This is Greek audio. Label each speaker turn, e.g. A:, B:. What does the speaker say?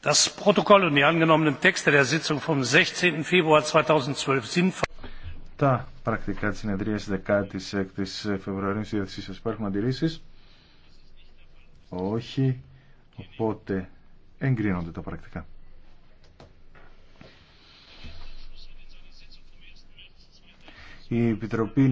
A: 16. 2012
B: τα πρακτικά της συνεδρίας 16ης Φεβρουαρίου της διάθεσή σας υπάρχουν αντιρρήσεις. Όχι. Οπότε εγκρίνονται τα πρακτικά. Η Επιτροπή